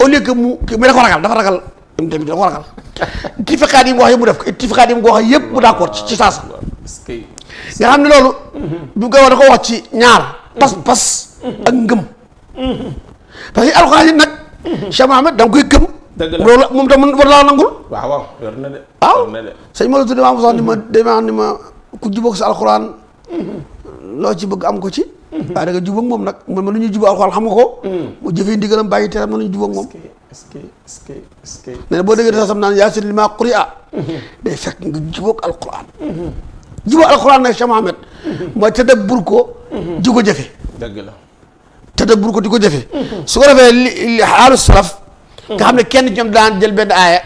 au lieu que mu ragal dafa ragal mu dem da waral ittifaqaat yi mu wax yëpp mu def ko yi mu wax yëpp mu d'accord ci saasa nga xam ne loolu bu da ko wax ci ñaar pas-pas ak ngëm parce que alxuraan yi nag Cheikh Mohamed da koy gëm loolu moom tam war laa nangul waaw waaw yor na de waaw sëñ ma la tudd maa sax ni ma dama ni ma ku jubóog sa alxuraan loo ci bëgg am ko ci mhm. da nga jubóog moom nag man ma lu xam nga ko mhm. mu ndigalam ñu est-ce que est-ce na boo déggee sax sam naan yaasin li maa quri'a day fekk nga jubóog alquran. Mhm. jubóog alquran nag Cheikh Mohamed. Mhm. mooy tadabbur ko. Mhm. di jëfe. dëgg la. tadabbur ko di ko jëfe. su ko defee li xaalu salaf. nga xam ne kenn ñoom daan jël benn aaya.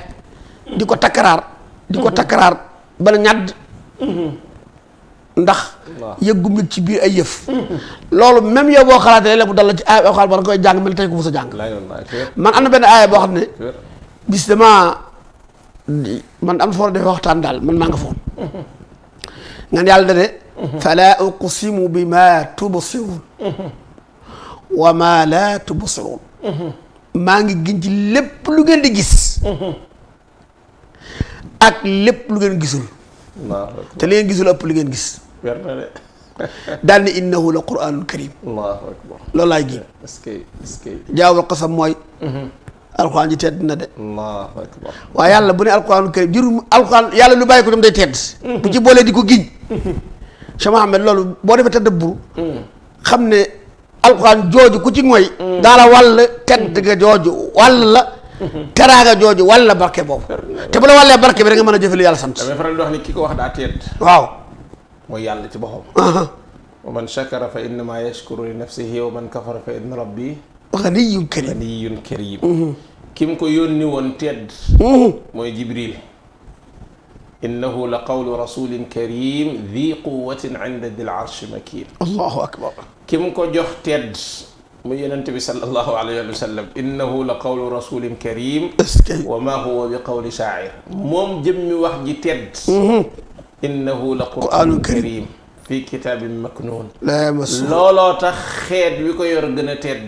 di ko takkaraar. di ko takkaraar ndax yëggum nit ci biir ay yëf loolu même yow boo xalaatee léeg-léeg mu dal la ci aaya bi alxuraan war nga koy jàng mel tey ko mos a jàng man am na benn aaya boo xam ne bis dama man am na foo defee waxtaan daal man maa nga foon ngan yàlla dane fala uqsimu bi maa ngi gën ci lépp lu ngeen di gis ak lépp lu ngeen gisul te li gisul ëpp li ngeen gis weer na de. daal ne innahu la quraanul karim. loolu laay ji. est-ce que est-ce mooy. Mhm. alxuraan ji tedd na de. allahu waaye yàlla bu ne alxuraanul karim jëru alxuraan yàlla lu bàyyi ko tam day tedd. Mhm. bu ci boolee di ko giñ. Cheikh Mohamed loolu boo defee tadabbur. Mhm. xam ne alxuraan jooju ku ci mooy. daa la wàll tedd nga jooju wàll la. teraaga jooju wàll la barke boobu. te bu la wàllee barke bi da nga mën a jëfandikoo yàlla sant. damay faral di wax ni ko wax daa waaw. ويال تبهم ومن شكر فإنما يشكر لنفسه ومن كفر فإن ربي غني كريم غني كريم كم كيوني ونتيد موي جبريل إنه لقول رسول كريم ذي قوة عند ذي العرش مكين الله أكبر كم كجوخ تيد موي ننتبه صلى الله عليه وسلم إنه لقول رسول كريم وما هو بقول شاعر مم جمي وحجي تيد انه لقران كريم في كتاب مكنون لا مسو لولا تخيت بيكو يور غنا تيد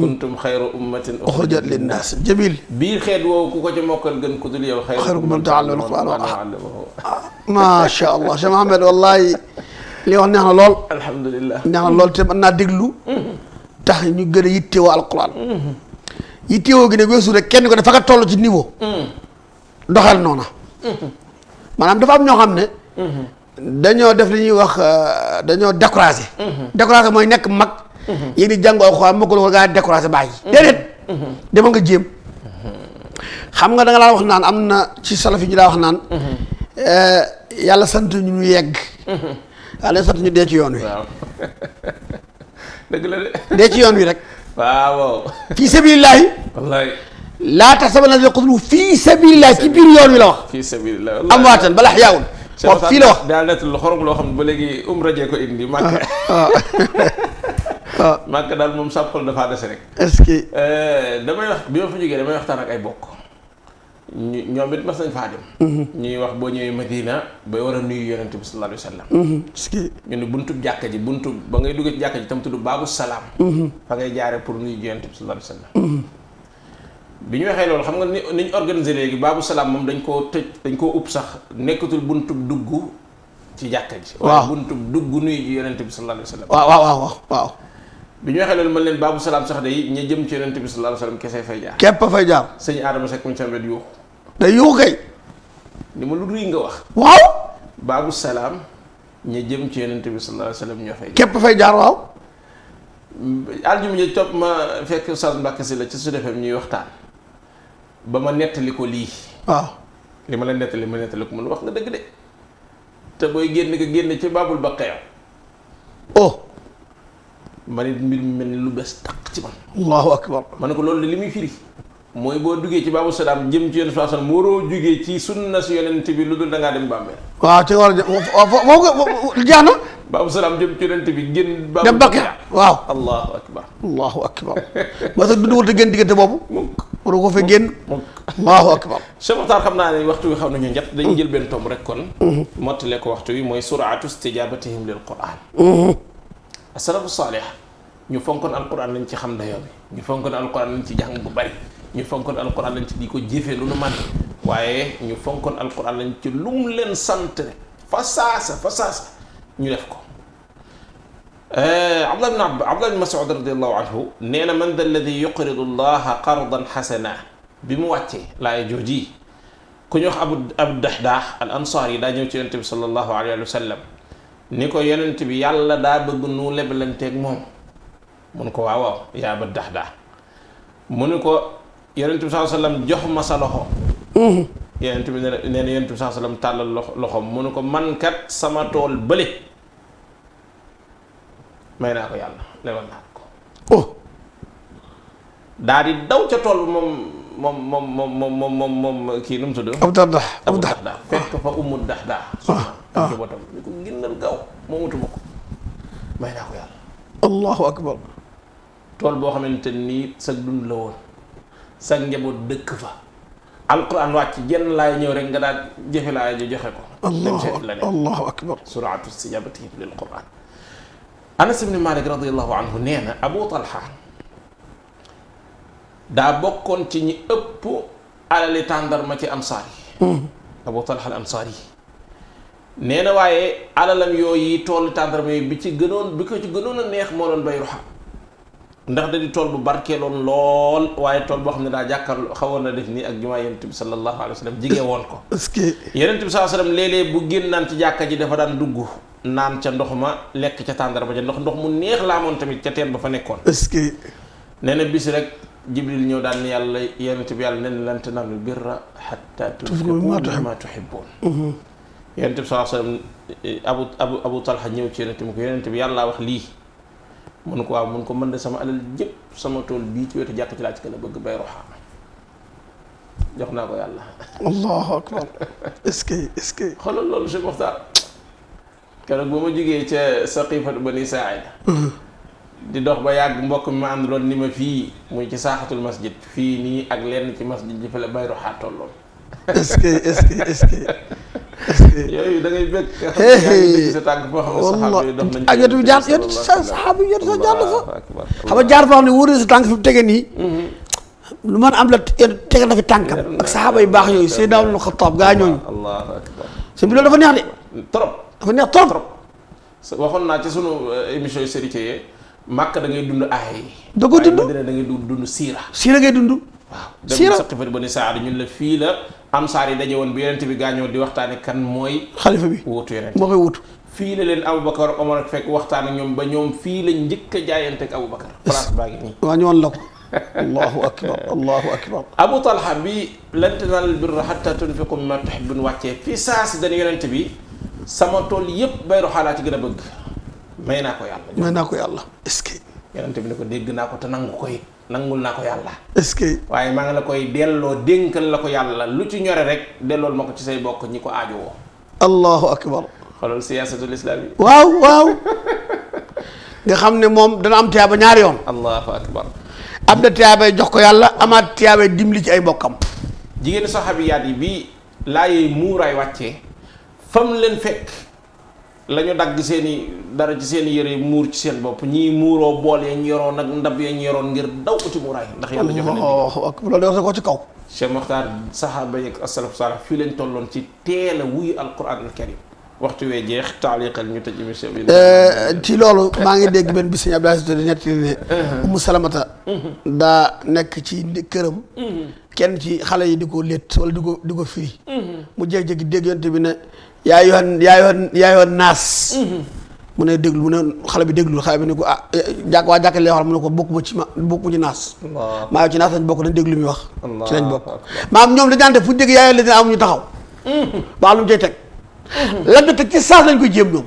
كنتم خير امه اخرجت للناس جميل بير خيت وو كوكو تي موكال غن كودل يو خير خير من تعلم القران آه، ما شاء الله شيخ محمد والله لي وخني احنا لول الحمد لله نحن لول تي مانا ديغلو تخ ني غنا يتيو القران يتيو غني غيسو رك كين غنا فكا تولو سي نيفو دخل نونا maanaam dafa am ñoo xam ne. Mhm. dañoo def li ñuy wax euh, dañoo découragé. Mhm. découragé mooy nekk mag. Mhm. yéen di jàngoo alxuraan mokkul ko gaa découragé bàyyi. déedéet. demal nga jéem. xam nga da nga wax naan am na ci salaf yi ñu daa wax naan. Euh, yàlla sant ñu yegg. yàlla sant ñu dee ci yoon wi. dee ci yoon wi rek. waaw. fii laa taxsabanna alladhina qutilu fii sabilillah ci biir yoon wi la wax. fii sabilillah amwaatan bal ahyaa'un wax fii la wax daal nekk lu xorom loo xam ne ba léegi umra jee ko indi. màkk ah, ah. Ah. màkk daal moom sàppal dafaa dese rek. est-ce que. Euh, damay wax bi ma fa jógee damay waxtaan ak ay bokk. ñu ñoom it mas nañ faa dem. Mhm. ñuy wax boo ñëwee Madina ba war a nuyu yonent bi sallallahu alayhi wa sallam. Mhm. est-ce que. ñu ne buntub jàkka ji buntu ba ngay duggee ci jàkka ji tam tudd baabu salaam. Mhm. fa ngay jaaree pour nuyu yonent bi sallallahu alayhi bi ñu waxee loolu xam nga ni ni ñu organisé léegi baabu salaam moom dañ koo tëj dañ koo upp sax nekkatul buntub dugg ci jàkka ji. waaw buntub dugg nuyu ji yonent bi sallallahu alayhi wa sallam. waaw waaw waaw ñu waxee loolu mën leen baabu salaam sax day ña jëm ci yonent bi sallallahu alayhi wa sallam kese fay fay jaar. sëñ Adama Seck mu ci amet yuuxu. day yuuxu kay. ni ma lu rëy nga wax. waaw. baabu salaam ña jëm ci yonent bi sallallahu alayhi wa sallam ñoo fay. képp fay jaar waaw. aljuma ji topp ma fekk Oustaz Mbacke si la ci Sud FM ñuy waxtaan ba ma nettali ko lii. waaw li ma la nettali ma nettali ko man wax nga dëgg de te booy génn nga génn ci baabul baqaya. oh. ma ne mbir mel ni lu bees tàq ci man. allahu akbar ma ne ko loolu li muy mooy boo duggee ci baabu salaam jëm ci yonent sallam ci sunna si yonent lu dul da ngaa dem bàmmeel. war a foo jeex bi génn. baabu dem te génn diggante boobu. waru ko fa génn allahu akbar Cheikh Makhtar xam naa ne waxtu wi xam nañu njat dañu jël benn tomb rek kon mottale ko waxtu wi mooy suraatu istijabatihim lil quran asalafu saalih ñu fonkoon alquran lañ ci xam dayoo bi ñu fonkoon alquran lañ ci jàng bu bari ñu fonkoon alquran lañ ci di ko jëfee lu nu man waaye ñu fonkoon alquran lañ ci lu mu leen sant fa saasa fa saasa ñu def ko آه، عبد الله بن عبد الله بن مسعود رضي الله عنه نينا من ذا الذي يقرض الله قرضا حسنا بمواتي لا يجوجي كن يخ ابو ابو الدحداح الانصاري دا جيو تي صلى الله عليه وسلم نيكو يننتي بي يالا دا بغ نو لبلنتك موم منكو واو يا ابو الدحداح منكو يننتي صلى الله عليه وسلم جوخ ما صلوخو يننتي نينا يننتي صلى الله عليه وسلم تالل لوخو منكو من كات سما تول بلي may naa ko yàlla lebal naa ko oh daa di daw ca tool bi moom moom moom moom moom moom moom kii nu mu tudd. ab dax dax ab dax dax fekk fa umul dax dax. ah ah ko gënal gaaw moomatuma ko may naa ko yàlla. allahu akbar. tool boo xamante nii sag dund la woon sag njaboot dëkk fa. alquran wàcc jenn laay ñëw rek nga daal jëfe laay ji joxe ko. allahu allahu akbar dem seet la ne suraatu sijabati lil quran anas ibni malik radiallahu anhu nee na abu talha daa bokkoon ci ñi ëpp alali tàndarma ci ansaar yi hmm. abu talha al ansaar yi nee na waaye alalam yooyu toolu tàndarma yi bi ci gënoon bi ko ci gënoon a neex moo doon bay ruxa ndax da di tool bu barkeeloon lool waaye tool boo xam ne daa jàkkar xawoon na def nii ak jumaa yonent bi sallallahu alayhi wa sallam jigee woon ko yonent bi sallallahu alayhi wa sallam léeg-léeg bu génnaan ci jàkka ji dafa daan dugg naan ca ndox ma lekk ca tàndarma ja ndox ndox mu neex laa moon tamit ca teen ba fa nekkoon. est-ce que. nee na bis rek Jibril ñëw daan yàlla yonent bi yàlla nen lan tanaalul birra hattaa tunfiqu mimmaa tuhibbuun. Mhm. yonent bi sallallahu alayhi wasallam abu abu abu talha ñëw ci yonent wax lii. mun ko waaw ko mën de sama sama tool bii ci wetu jàkk ci laa ci gën a bëgg bay roxaa jox naa ko yàlla. allahu akbar est-ce que loolu si Muxtaar. keroog ba ma jógee ca saqifatu bani saaida di dox ba yàgg mbokk mi ma ni ma fii muy ci saaxatul masjid fii nii ak lenn ci masjid ji fa la xaat tolloon est-ce que est-ce que est-ce que nañ ak yotu jaar sa saxaaba yi yotu sa jaar la mhm. lu mën am la tege na fi tànkam ak saxaaba yu baax yooyu Seydina Umar Xattaab gaa ñooñu sëñ bi loolu dafa neex de dafa neex trop trop. naa ci sunu eh, émission yu sëriñ yi màkk dund aay da ko da ngay dund siira. siira ngay dund. waaw siira dem ba ni saar la fii la ansaar yi daje woon bi yonent bi di waxtaane kan mooy. xalifa bi wuutu yonent moo koy wuutu. fii leen Aboubacar ak Omar fekk waxtaan ak ñoom ba ñoom fii la njëkk a jaayante ak Aboubacar. place baa ngi nii. waaw ñëwoon la ko. allahu akbar allahu akbar. Abu Talha bi lan tanaalul birra hattaa tunfiqu mimmaa tuhibbuun wàccee fii saa si dañu yonent bi. sama tool yëpp bayru xaalaa ci gën a bëgg may naa ko yàlla may naa ko yàlla est-ce que yonente bi ne ko dégg naa ko te nangu koy nangul naa ko yàlla est-ce que waaye maa ngi la koy delloo dénkal la ko yàlla lu ci ñore rek dellool ma ko ci say bokk ñi ko aajo woo allahu akbar xoolal siyaasatul islam yi waaw waaw nga xam ne moom dana am tiyaaba ñaari yoon allahu akbar am na tiyaabay jox ko yàlla amaat tiyaabay dimbali ci ay mbokkam jigéen saxaabiyaat yi bi laayee muuraay wàccee fam leen fekk la ñu dagg seen i dara ci seen yëre muur ci seen bopp ñii muuroo bool yañ yoroon ak ndab yañ yoroon ngir daw uti muuraay ndax yàlla joxe na loolu ko ci kaw Cheikh Makhtar sahaaba yeeg asalaf salaf fii leen tolloon ci teel a wuyu alquran al karim waxtu wee jeex taaliqal ñu tëj émission eh, ci loolu maa ngi dégg benn bis sëñ Abdoulaye Sow di nettali ne Umu uh-huh. Salamata uh-huh. daa nekk ci këram uh-huh. kenn ci xale yi di ko létt wala di ko di ko firi mu jékki-jékki dégg bi ne yaa yoon yaa yoon yaa yoon naas. Mhm. mu ne déglu mu ne xale bi déglu xale bi ne ko ah jàkk waa jàkk lay wax mu ne ko bokk ma ci ma bokk ma ci naas. maa yow ci naas lañ bokk dañ déglu muy wax. ci lañ bokk maam ñoom dañ daan dégg yaa am ñu taxaw. baax lu la teg ci saas lañ koy jéem ñoom.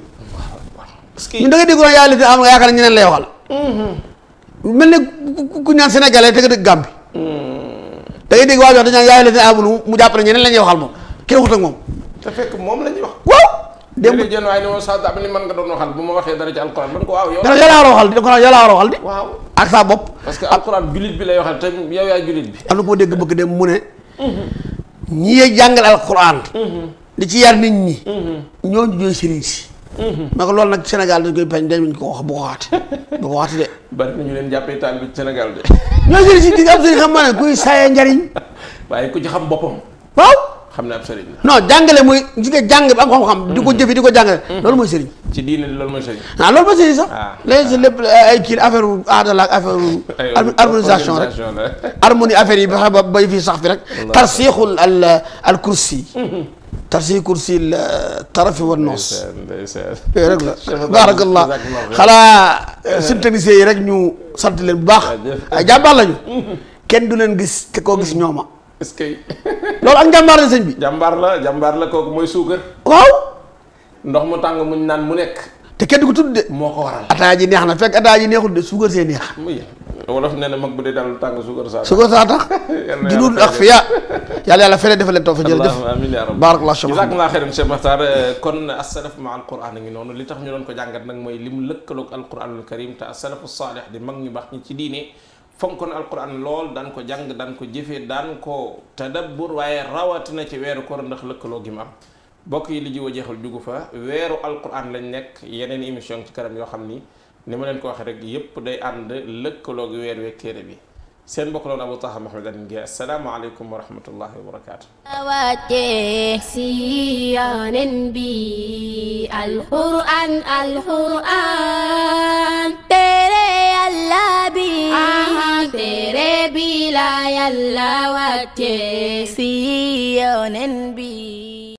parce que ñun da nga déggoon yaa yoon la dina am ne ñeneen lay waxal. Mhm. mel ne te nga dëgg waa jox la dina amul mu jàpp ne ñeneen la ñuy waxal moom kenn waxut ak moom te fekk moom la wax. saa dama ni man nga doon waxal bu ma waxee dara ci alxuraan man ko waaw yow. dara yàlla war a waxal di ko yàlla a waxal di. waaw ak sa bopp. parce que alxuraan jullit bi lay waxal te yow yaay jullit bi. am na koo dégg bëgg dem mu ne. Mhm. ñi jàngal alxuraan. Mhm. ci mhm. loolu nag Sénégal dañ koy peñ dañ ko ko waxati bu ko waxati de. bari na ñu xam ma ne kuy saayee njariñ. waaye ku ci xam boppam. waaw. أنا أنا أنا أنا أنا أنا non ترسي كرسي الطرف والنص بارك الله خلا سنتني سي رك ني سنت لين باخ جابال لا ني كين دولن غيس تكو غيس نيوما est-ce que. loolu ak jàmbaar la sëñ bi. jàmbaar la jàmbaar la kooku mooy suukar. waaw. ndox mu tàng muñ naan mu nekk. te kenn du ko tudd de. moo ko waral ataaya ji neex na fekk ataaya ji neexul de suukar see neex. wolof nee na mag bu dee daal lu tàng suukar saa. suukar saa tax. judul ak fiya yàlla yàlla fële defal leen toog fa jërëjëf. amiin yaa rabbi baarakallah jazakumullah xeyran Cheikh Makhtar kon as-salaf ma alquran a ngi noonu li tax ñu doon ko jàngat nag mooy li mu lëkkaloog alquranul karim te as-salafu saalih di mag ñu fonk fonkoon alquran lool daan ko jàng daan ko jëfee daan ko tadabbur waaye rawatina ci weeru koor ndax lëkkaloo gi ma am bokk yi li jiw a jeexal jugu fa weeru alquran lañ nekk yeneen émission ci kanam yoo xam ni ni ma leen ko waxee rek yépp day ànd lëkkaloo gi weer wee téere bi سين بقولون أبو طه محمد النجاء السلام عليكم ورحمة الله وبركاته. أواتيه سيان بي القرآن القرآن تري يلا بي تري بي لا يلا واتيه سيان بي